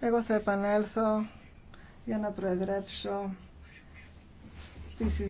Εγώ θα επανέλθω για να προεδρέψω τη συζήτηση.